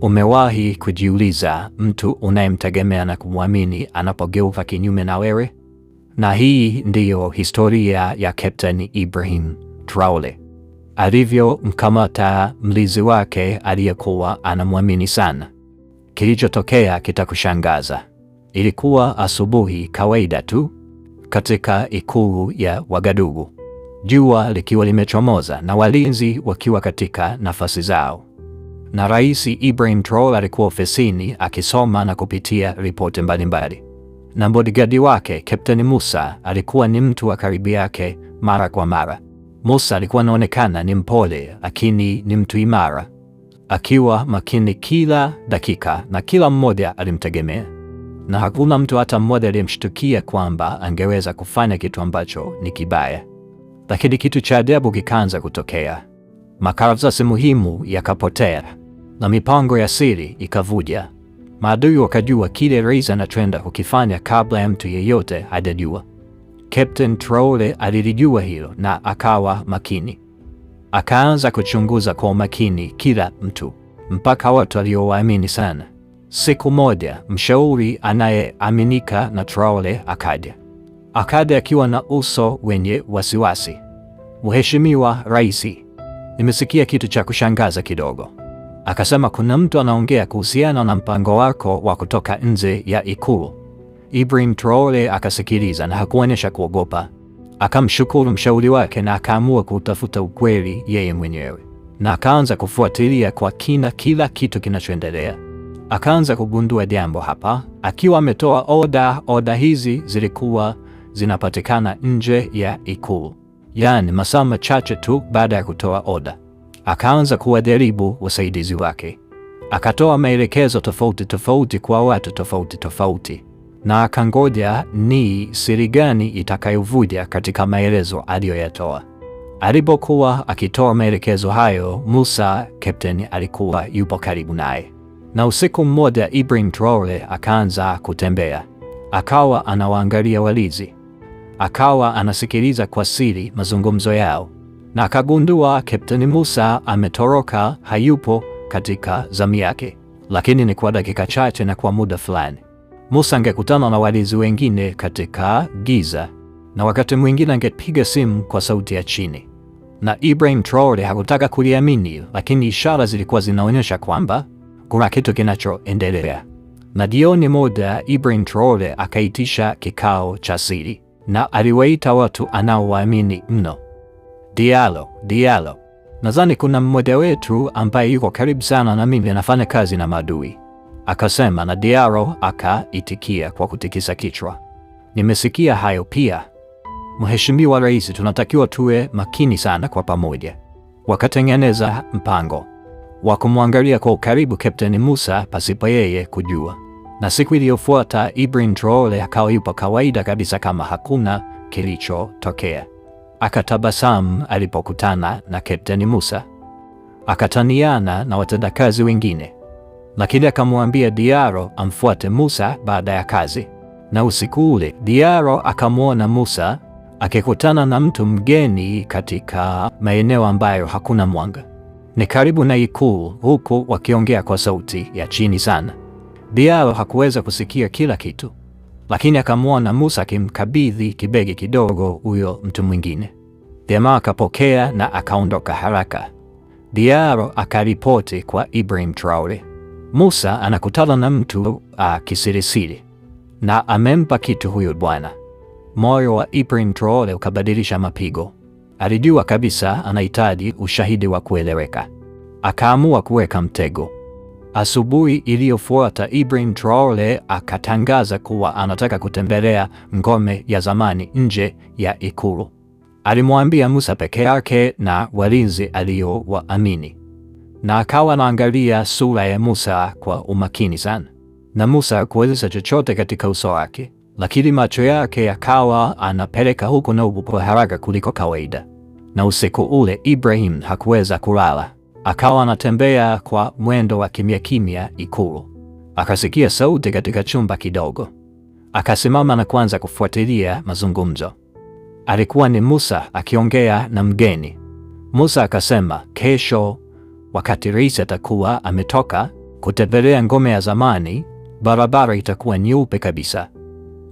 Umewahi kujiuliza mtu unayemtegemea na kumwamini anapogeuka kinyume na wewe? Na hii ndiyo historia ya Captain Ibrahim Traore alivyomkamata mlinzi wake aliyekuwa anamwamini sana. Kilichotokea kitakushangaza. Ilikuwa asubuhi kawaida tu katika ikulu ya Wagadugu, jua likiwa limechomoza na walinzi wakiwa katika nafasi zao na Rais Ibrahim Traore alikuwa ofisini akisoma na kupitia ripoti mbalimbali, na bodyguard wake Kapteni Musa alikuwa ni mtu wa karibu yake mara kwa mara. Musa alikuwa anaonekana ni mpole, lakini ni mtu imara, akiwa makini kila dakika, na kila mmoja alimtegemea, na hakuna mtu hata mmoja aliyemshtukia kwamba angeweza kufanya kitu ambacho ni kibaya. Lakini kitu cha ajabu kikaanza kutokea, makaratasi muhimu yakapotea na mipango ya siri ikavuja. Maadui wakajua kile Rais anachoenda kukifanya kabla ya mtu yeyote hajajua. Captain Traore alilijua hilo na akawa makini. Akaanza kuchunguza kwa umakini kila mtu, mpaka watu aliowaamini sana. Siku moja mshauri anayeaminika na Traore akaja. Akaja akiwa na uso wenye wasiwasi. Mheshimiwa raisi nimesikia kitu cha kushangaza kidogo akasema kuna mtu anaongea kuhusiana na mpango wako wa kutoka nje ya Ikulu. Ibrahim Traore akasikiliza na hakuonyesha kuogopa. Akamshukuru mshauri wake na akaamua kutafuta ukweli yeye mwenyewe, na akaanza kufuatilia kwa kina kila kitu kinachoendelea. Akaanza kugundua jambo hapa, akiwa ametoa oda. Oda hizi zilikuwa zinapatikana nje ya Ikulu, yaani masaa machache tu baada ya kutoa oda akaanza kuwadharibu wasaidizi wake, akatoa maelekezo tofauti tofauti kwa watu tofauti tofauti, na akangoja ni siri gani itakayovuja katika maelezo aliyoyatoa. Alipokuwa akitoa maelekezo hayo, Musa Captain alikuwa yupo karibu naye, na usiku mmoja Ibrahim Traore akaanza kutembea, akawa anawaangalia walizi, akawa anasikiliza kwa siri mazungumzo yao na akagundua Kapteni Musa ametoroka, hayupo katika zamu yake, lakini ni kwa dakika chache na kwa muda fulani. Musa angekutana na walinzi wengine katika giza na wakati mwingine angepiga simu kwa sauti ya chini, na Ibrahim Traore hakutaka kuliamini, lakini ishara zilikuwa zinaonyesha kwamba kuna kitu kinachoendelea. Na jioni moja Ibrahim Traore akaitisha kikao cha siri na aliwaita watu anaowaamini mno. Diallo, Dialo. Nadhani kuna mmoja wetu ambaye yuko karibu sana na mimi anafanya kazi na maadui, akasema, na Diaro akaitikia kwa kutikisa kichwa. Nimesikia hayo pia. Mheshimiwa Rais, tunatakiwa tuwe makini sana kwa pamoja. Wakatengeneza mpango wa kumwangalia kwa ukaribu Kapteni Musa pasipo yeye kujua, na siku iliyofuata Ibrahim Traore akawa yupo kawaida kabisa kama hakuna kilichotokea akatabasamu alipokutana na Kapteni Musa, akataniana na watendakazi wengine, lakini akamwambia Diaro amfuate Musa baada ya kazi. Na usiku ule Diaro akamwona Musa akikutana na mtu mgeni katika maeneo ambayo hakuna mwanga, ni karibu na ikulu, huku wakiongea kwa sauti ya chini sana. Diaro hakuweza kusikia kila kitu lakini akamwona Musa akimkabidhi kibegi kidogo huyo mtu mwingine. Jamaa akapokea na akaondoka haraka. Diaro akaripoti kwa Ibrahim Traore. Musa anakutana na mtu kisirisiri na amempa kitu huyo bwana. Moyo wa Ibrahim Traore ukabadilisha mapigo. Alijua kabisa anahitaji ushahidi wa kueleweka. Akaamua kuweka mtego. Asubuhi iliyofuata Ibrahim Traore akatangaza kuwa anataka kutembelea ngome ya zamani nje ya ikulu. Alimwambia Musa peke yake na walinzi aliyowaamini, na akawa anaangalia sura ya Musa kwa umakini sana, na Musa kuweza chochote katika uso wake, lakini macho yake yakawa anapeleka huko na huko kwa haraka kuliko kawaida. Na usiku ule Ibrahim hakuweza kulala akawa anatembea kwa mwendo wa kimya kimya Ikulu. Akasikia sauti katika chumba kidogo, akasimama na kuanza kufuatilia mazungumzo. Alikuwa ni Musa akiongea na mgeni. Musa akasema kesho, wakati rais atakuwa ametoka kutembelea ngome ya zamani, barabara itakuwa nyeupe kabisa,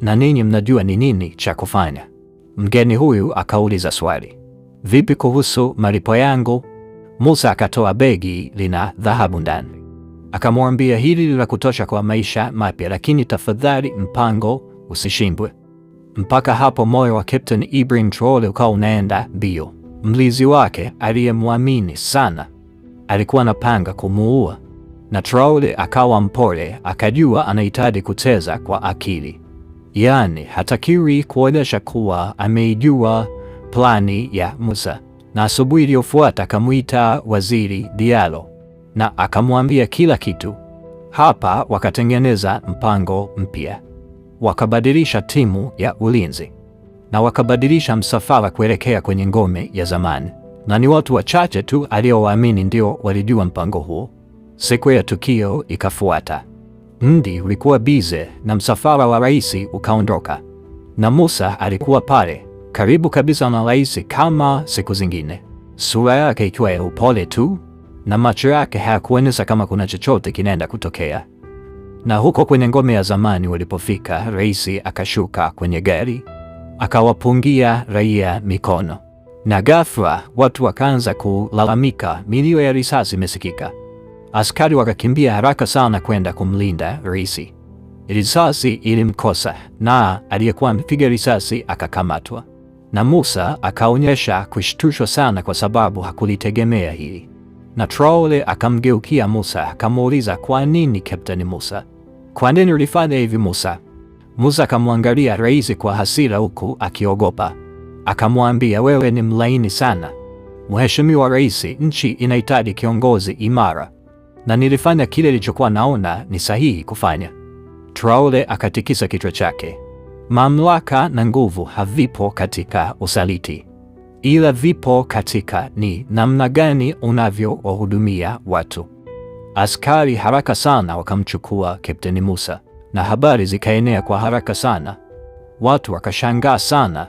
na ninyi mnajua ni nini cha kufanya. Mgeni huyu akauliza swali, vipi kuhusu malipo yangu? Musa akatoa begi lina dhahabu ndani, akamwambia, hili lila kutosha kwa maisha mapya, lakini tafadhali mpango usishimbwe. Mpaka hapo moyo wa Captain Ibrahim Traore ukawa unaenda mbio. mlizi wake aliyemwamini sana alikuwa anapanga kumuua, na Traore akawa mpole, akajua anahitaji kucheza kwa akili, yaani hatakiwi kuonyesha kuwa ameijua plani ya Musa na asubuhi iliyofuata akamwita Waziri Diallo na akamwambia kila kitu. Hapa wakatengeneza mpango mpya, wakabadilisha timu ya ulinzi na wakabadilisha msafara kuelekea kwenye ngome ya zamani, na ni watu wachache tu aliowaamini ndio walijua mpango huo. Siku ya tukio ikafuata, mdi ulikuwa bize na msafara wa rais ukaondoka, na Musa alikuwa pale karibu kabisa na rais kama siku zingine, sura yake ikiwa ya upole tu na macho yake hayakuonyesha kama kuna chochote kinaenda kutokea. Na huko kwenye ngome ya zamani walipofika, rais akashuka kwenye gari akawapungia raia mikono, na ghafla watu wakaanza kulalamika, milio ya risasi imesikika. Askari wakakimbia haraka sana kwenda kumlinda rais. Risasi ilimkosa na aliyekuwa mpiga risasi akakamatwa na Musa akaonyesha kushtushwa sana kwa sababu hakulitegemea hili, na Traore akamgeukia Musa akamuuliza, kwa nini Kapteni Musa, kwa nini ulifanya hivi Musa? Musa akamwangalia raisi kwa hasira huku akiogopa, akamwambia, wewe ni mlaini sana Mheshimiwa raisi nchi inahitaji kiongozi imara na nilifanya kile nilichokuwa naona ni sahihi kufanya. Traore akatikisa kichwa chake. Mamlaka na nguvu havipo katika usaliti, ila vipo katika ni namna gani unavyowahudumia watu. Askari haraka sana wakamchukua Kapteni Musa na habari zikaenea kwa haraka sana. Watu wakashangaa sana,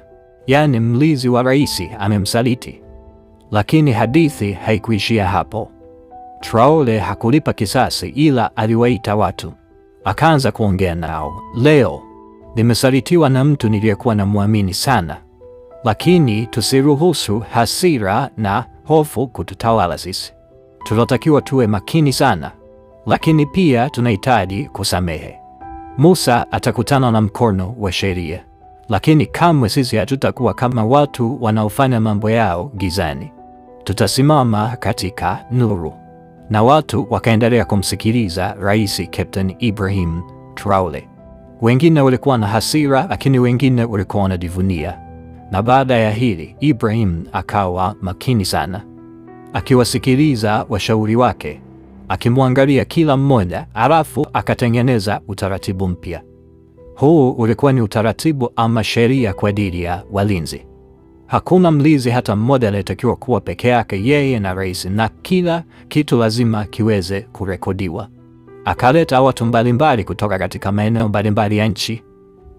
yaani mlizi wa raisi amemsaliti. Lakini hadithi haikuishia hapo. Traore hakulipa kisasi, ila aliwaita watu, akaanza kuongea nao. Leo nimesalitiwa na mtu niliyekuwa mwamini sana, lakini tusiruhusu hasira na hofu kututawala sisi. Tunatakiwa tuwe makini sana, lakini pia tunahitaji kusamehe. Musa atakutana na mkono wa sheria, lakini kamwe sisi hatutakuwa kama watu wanaofanya mambo yao gizani. Tutasimama katika nuru. Na watu wakaendelea kumsikiliza Rais Captain Ibrahim Traore. Wengine walikuwa na hasira, lakini wengine walikuwa wanajivunia. Na baada ya hili, Ibrahim akawa makini sana, akiwasikiliza washauri wake, akimwangalia kila mmoja, alafu akatengeneza utaratibu mpya. Huu ulikuwa ni utaratibu ama sheria kwa ajili ya walinzi. Hakuna mlinzi hata mmoja anayetakiwa kuwa peke yake, yeye na rais, na kila kitu lazima kiweze kurekodiwa. Akaleta watu mbalimbali kutoka katika maeneo mbalimbali ya nchi.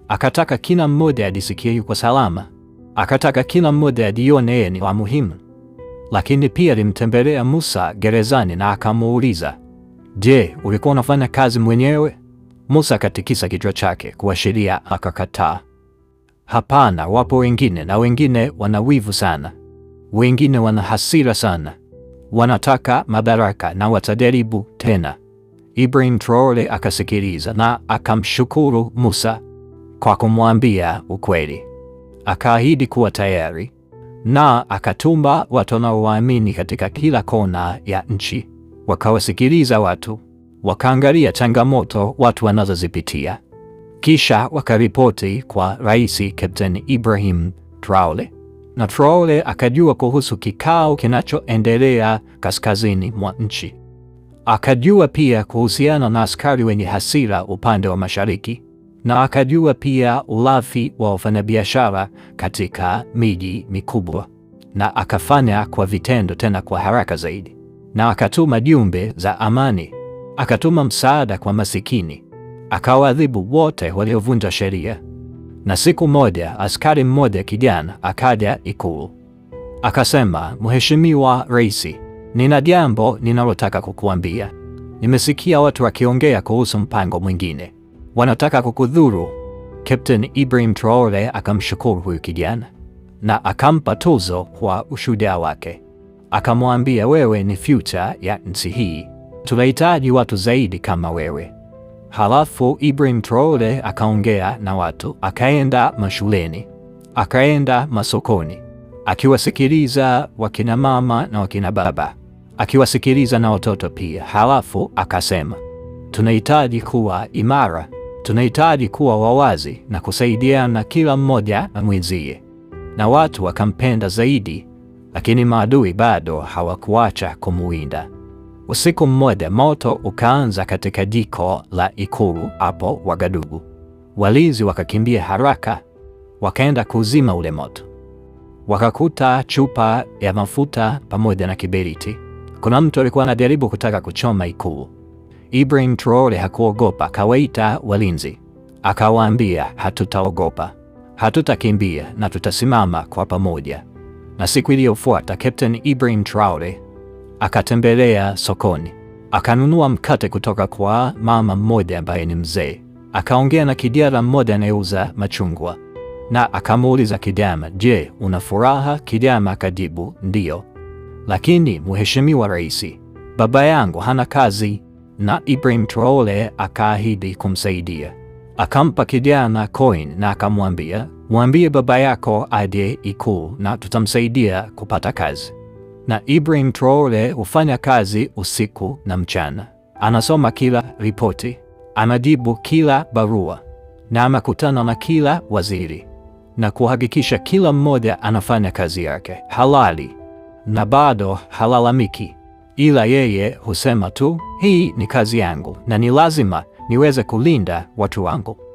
Akataka kila mmoja ajisikie yuko salama, akataka kila mmoja ajione yeye ni wa muhimu. Lakini pia alimtembelea Musa gerezani na akamuuliza, je, ulikuwa unafanya kazi mwenyewe? Musa akatikisa kichwa chake kuashiria, akakataa. Hapana, wapo wengine, na wengine wana wivu sana, wengine wana hasira sana, wanataka madaraka na watajaribu tena. Ibrahim Traore akasikiliza na akamshukuru Musa kwa kumwambia ukweli. Akaahidi kuwa tayari na akatuma watu wanaowaamini katika kila kona ya nchi. Wakawasikiliza watu, wakaangalia changamoto watu wanazozipitia, kisha wakaripoti kwa Rais Captain Ibrahim Traore, na Traore akajua kuhusu kikao kinachoendelea kaskazini mwa nchi. Akajua pia kuhusiana na askari wenye hasira upande wa mashariki, na akajua pia ulafi wa wafanyabiashara katika miji mikubwa, na akafanya kwa vitendo, tena kwa haraka zaidi, na akatuma jumbe za amani, akatuma msaada kwa masikini, akawaadhibu wote waliovunja sheria. Na siku moja askari mmoja kijana akaja Ikulu akasema, Mheshimiwa Raisi, Nina jambo ninalotaka kukuambia. Nimesikia watu wakiongea kuhusu mpango mwingine, wanataka kukudhuru. Captain Ibrahim Traore akamshukuru huyu kijana na akampa tuzo kwa ushuhuda wake, akamwambia, wewe ni future ya nchi hii, tunahitaji watu zaidi kama wewe. Halafu Ibrahim Traore akaongea na watu, akaenda mashuleni, akaenda masokoni akiwasikiliza wakina mama na wakina baba, akiwasikiliza na watoto pia. Halafu akasema tunahitaji kuwa imara, tunahitaji kuwa wawazi na kusaidiana kila mmoja na mwenzie, na watu wakampenda zaidi, lakini maadui bado hawakuacha kumuwinda. Usiku mmoja moto ukaanza katika jiko la ikulu hapo Wagadugu. Walinzi wakakimbia haraka, wakaenda kuzima ule moto wakakuta chupa ya mafuta pamoja na kiberiti. Kuna mtu alikuwa anajaribu kutaka kuchoma ikulu. Ibrahim Traore hakuogopa, akawaita walinzi, akawaambia, hatutaogopa, hatutakimbia na tutasimama kwa pamoja. Na siku iliyofuata Captain Ibrahim Traore akatembelea sokoni, akanunua mkate kutoka kwa mama mmoja ambaye ni mzee, akaongea na kijana mmoja anayeuza machungwa na akamuuliza Kidama, je, una furaha? Kidama akajibu ndiyo, lakini Mheshimiwa Raisi, baba yangu hana kazi. Na Ibrahim Traore akaahidi kumsaidia. Akampa kijana coin na akamwambia, mwambie baba yako aje Ikulu na tutamsaidia kupata kazi. Na Ibrahim Traore hufanya kazi usiku na mchana, anasoma kila ripoti, anajibu kila barua na amekutana na kila waziri na kuhakikisha kila mmoja anafanya kazi yake halali na bado halalamiki, ila yeye husema tu, hii ni kazi yangu na ni lazima niweze kulinda watu wangu.